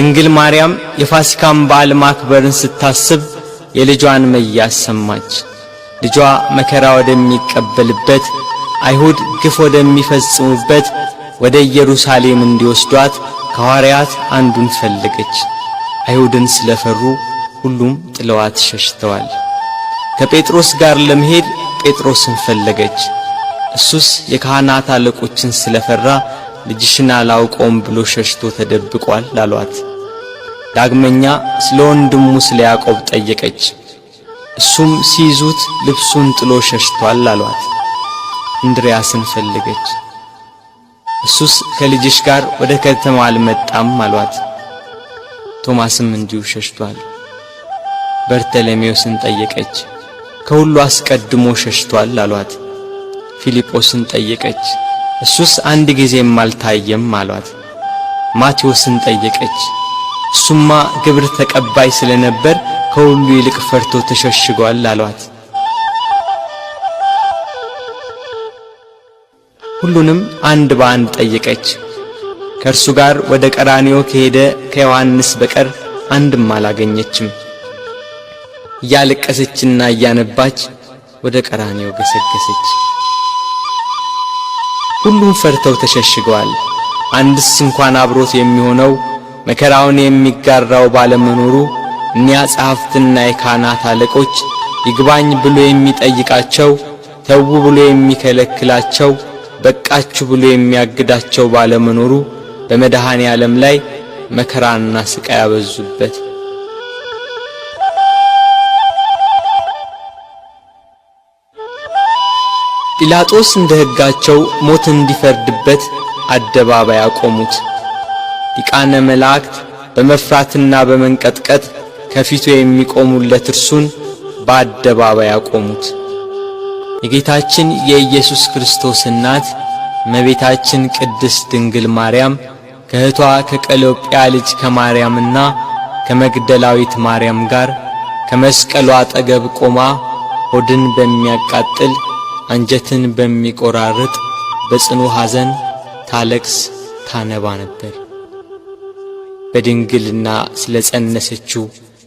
ድንግል ማርያም የፋሲካን በዓል ማክበርን ስታስብ የልጇን መያዝ ሰማች። ልጇ መከራ ወደሚቀበልበት አይሁድ ግፍ ወደሚፈጽሙበት ወደ ኢየሩሳሌም እንዲወስዷት ከሐዋርያት አንዱን ፈለገች። አይሁድን ስለፈሩ ሁሉም ጥለዋት ሸሽተዋል። ከጴጥሮስ ጋር ለመሄድ ጴጥሮስን ፈለገች። እሱስ የካህናት አለቆችን ስለፈራ ልጅሽን አላውቀውም ብሎ ሸሽቶ ተደብቋል ላሏት። ዳግመኛ ስለ ወንድሙ ስለ ያዕቆብ ጠየቀች። እሱም ሲይዙት ልብሱን ጥሎ ሸሽቷል አሏት። እንድርያስን ፈለገች። እሱስ ከልጅሽ ጋር ወደ ከተማ አልመጣም አሏት። ቶማስም እንዲሁ ሸሽቷል። በርተለሜዎስን ጠየቀች። ከሁሉ አስቀድሞ ሸሽቷል አሏት። ፊልጶስን ጠየቀች። እሱስ አንድ ጊዜም አልታየም አሏት። ማቴዎስን ጠየቀች። እሱማ ግብር ተቀባይ ስለነበር ከሁሉ ይልቅ ፈርቶ ተሸሽጓል አሏት። ሁሉንም አንድ በአንድ ጠየቀች። ከእርሱ ጋር ወደ ቀራኒዮ ከሄደ ከዮሐንስ በቀር አንድም አላገኘችም። እያለቀሰችና እያነባች ወደ ቀራኒዮ ገሰገሰች። ሁሉም ፈርተው ተሸሽገዋል። አንድስ እንኳን አብሮት የሚሆነው መከራውን የሚጋራው ባለመኖሩ እኒያ ጸሐፍትና የካህናት አለቆች ይግባኝ ብሎ የሚጠይቃቸው፣ ተው ብሎ የሚከለክላቸው፣ በቃችሁ ብሎ የሚያግዳቸው ባለመኖሩ በመድኃኔ ዓለም ላይ መከራና ስቃይ ያበዙበት። ጲላጦስ እንደ ሕጋቸው ሞት እንዲፈርድበት አደባባይ አቆሙት። ሊቃነ መላእክት በመፍራትና በመንቀጥቀጥ ከፊቱ የሚቆሙለት እርሱን በአደባባይ አቆሙት። የጌታችን የኢየሱስ ክርስቶስ እናት እመቤታችን ቅድስት ድንግል ማርያም ከእህቷ ከቀሎጵያ ልጅ ከማርያምና ከመግደላዊት ማርያም ጋር ከመስቀሉ አጠገብ ቆማ ሆድን በሚያቃጥል አንጀትን በሚቆራርጥ በጽኑ ሐዘን ታለቅስ ታነባ ነበር። በድንግልና ስለ ጸነሰችው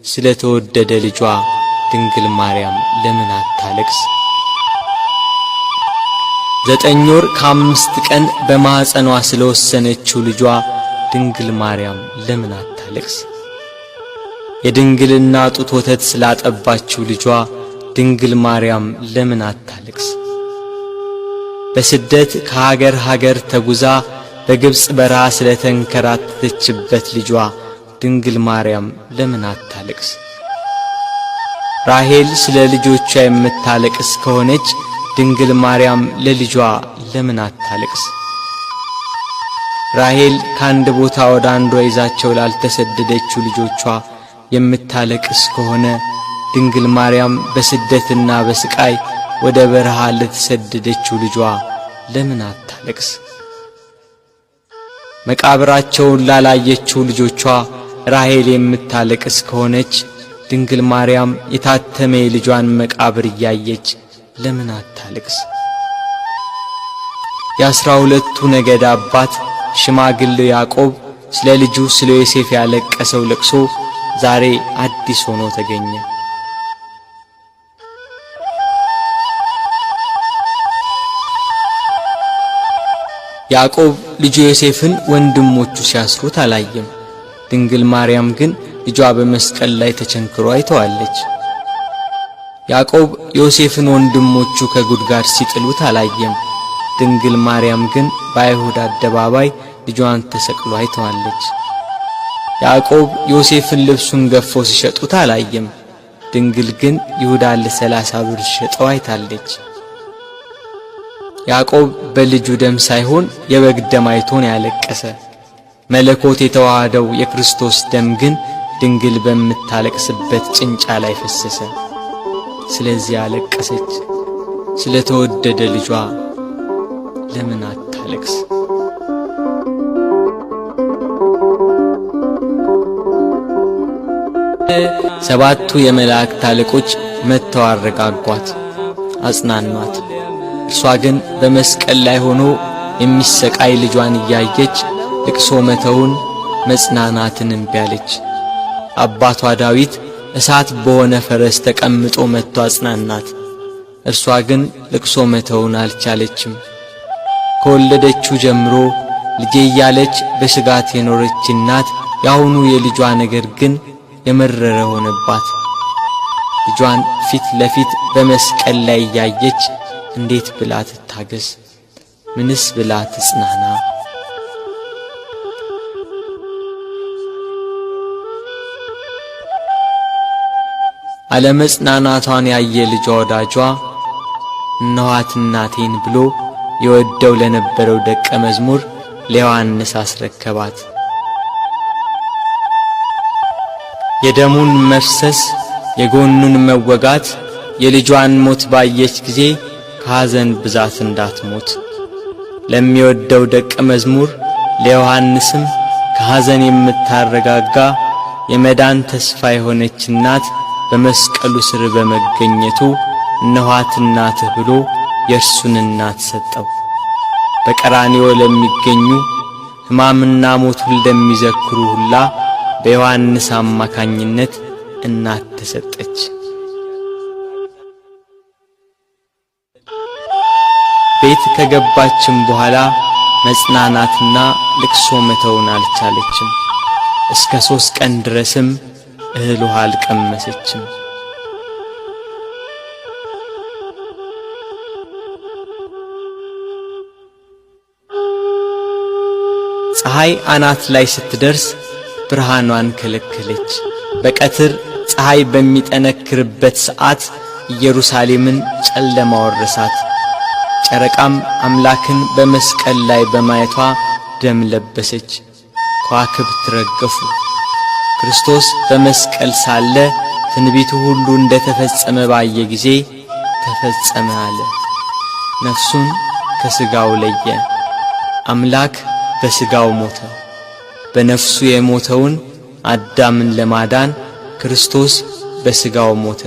ስለ ተወደደ ልጇ ድንግል ማርያም ለምን አታለቅስ? ዘጠኝ ወር ከአምስት ቀን በማኅፀኗ ስለ ወሰነችው ልጇ ድንግል ማርያም ለምን አታለቅስ? የድንግልና ጡት ወተት ስላጠባችው ልጇ ድንግል ማርያም ለምን አታለቅስ? በስደት ከሀገር ሀገር ተጉዛ በግብፅ በረሃ ስለተንከራተተችበት ልጇ ድንግል ማርያም ለምን አታለቅስ? ራሄል ስለ ልጆቿ የምታለቅስ ከሆነች ድንግል ማርያም ለልጇ ለምን አታለቅስ? ራሄል ከአንድ ቦታ ወደ አንዷ ይዛቸው ላልተሰደደችው ልጆቿ የምታለቅስ ከሆነ ድንግል ማርያም በስደትና በስቃይ ወደ በረሃ ለተሰደደችው ልጇ ለምን አታለቅስ? መቃብራቸውን ላላየችው ልጆቿ ራሄል የምታለቅስ ከሆነች ድንግል ማርያም የታተመ የልጇን መቃብር እያየች ለምን አታልቅስ? የአስራ ሁለቱ ነገድ አባት ሽማግሌው ያዕቆብ ስለ ልጁ ስለ ዮሴፍ ያለቀሰው ለቅሶ ዛሬ አዲስ ሆኖ ተገኘ። ያዕቆብ ልጁ ዮሴፍን ወንድሞቹ ሲያስሩት አላየም። ድንግል ማርያም ግን ልጇ በመስቀል ላይ ተቸንክሮ አይተዋለች። ያዕቆብ ዮሴፍን ወንድሞቹ ከጉድጓድ ሲጥሉት አላየም። ድንግል ማርያም ግን በአይሁድ አደባባይ ልጇን ተሰቅሎ አይተዋለች። ያዕቆብ ዮሴፍን ልብሱን ገፎ ሲሸጡት አላየም። ድንግል ግን ይሁዳ ለሰላሳ ብር ሸጠው አይታለች። ያዕቆብ በልጁ ደም ሳይሆን የበግ ደም አይቶን ያለቀሰ። መለኮት የተዋሃደው የክርስቶስ ደም ግን ድንግል በምታለቅስበት ጭንጫ ላይ ፈሰሰ። ስለዚህ አለቀሰች። ስለተወደደ ልጇ ለምን አታለቅስ? ሰባቱ የመላእክት አለቆች መጥተው አረጋጓት፣ አጽናኗት። እርሷ ግን በመስቀል ላይ ሆኖ የሚሰቃይ ልጇን እያየች ልቅሶ መተውን መጽናናትን እምቢ አለች። አባቷ ዳዊት እሳት በሆነ ፈረስ ተቀምጦ መጥቶ አጽናናት። እርሷ ግን ልቅሶ መተውን አልቻለችም። ከወለደችው ጀምሮ ልጄ እያለች በስጋት የኖረች እናት የአሁኑ የልጇ ነገር ግን የመረረ ሆነባት። ልጇን ፊት ለፊት በመስቀል ላይ እያየች እንዴት ብላ ትታገስ? ምንስ ብላ ትጽናና? አለመጽናናቷን ያየ ልጇ ወዳጇ እነኋት እናቴን ብሎ የወደው ለነበረው ደቀ መዝሙር ለዮሐንስ አስረከባት። የደሙን መፍሰስ የጎኑን መወጋት የልጇን ሞት ባየች ጊዜ ከሐዘን ብዛት እንዳትሞት። ለሚወደው ደቀ መዝሙር ለዮሐንስም ከሐዘን የምታረጋጋ የመዳን ተስፋ የሆነች እናት በመስቀሉ ስር በመገኘቱ እነኋት እናትህ ብሎ የእርሱን እናት ሰጠው። በቀራንዮ ለሚገኙ ሕማምና ሞቱን ለሚዘክሩ ሁላ በዮሐንስ አማካኝነት እናት ተሰጠች። ቤት ከገባችም በኋላ መጽናናትና ልቅሶ መተውን አልቻለችም። እስከ ሦስት ቀን ድረስም እህል ውሃ አልቀመሰችም። ፀሐይ አናት ላይ ስትደርስ ብርሃኗን ከለከለች። በቀትር ፀሐይ በሚጠነክርበት ሰዓት ኢየሩሳሌምን ጨለማ ወረሳት። ጨረቃም አምላክን በመስቀል ላይ በማየቷ ደም ለበሰች፣ ከዋክብት ረገፉ። ክርስቶስ በመስቀል ሳለ ትንቢቱ ሁሉ እንደ ተፈጸመ ባየ ጊዜ ተፈጸመ አለ። ነፍሱን ከሥጋው ለየ። አምላክ በሥጋው ሞተ። በነፍሱ የሞተውን አዳምን ለማዳን ክርስቶስ በሥጋው ሞተ።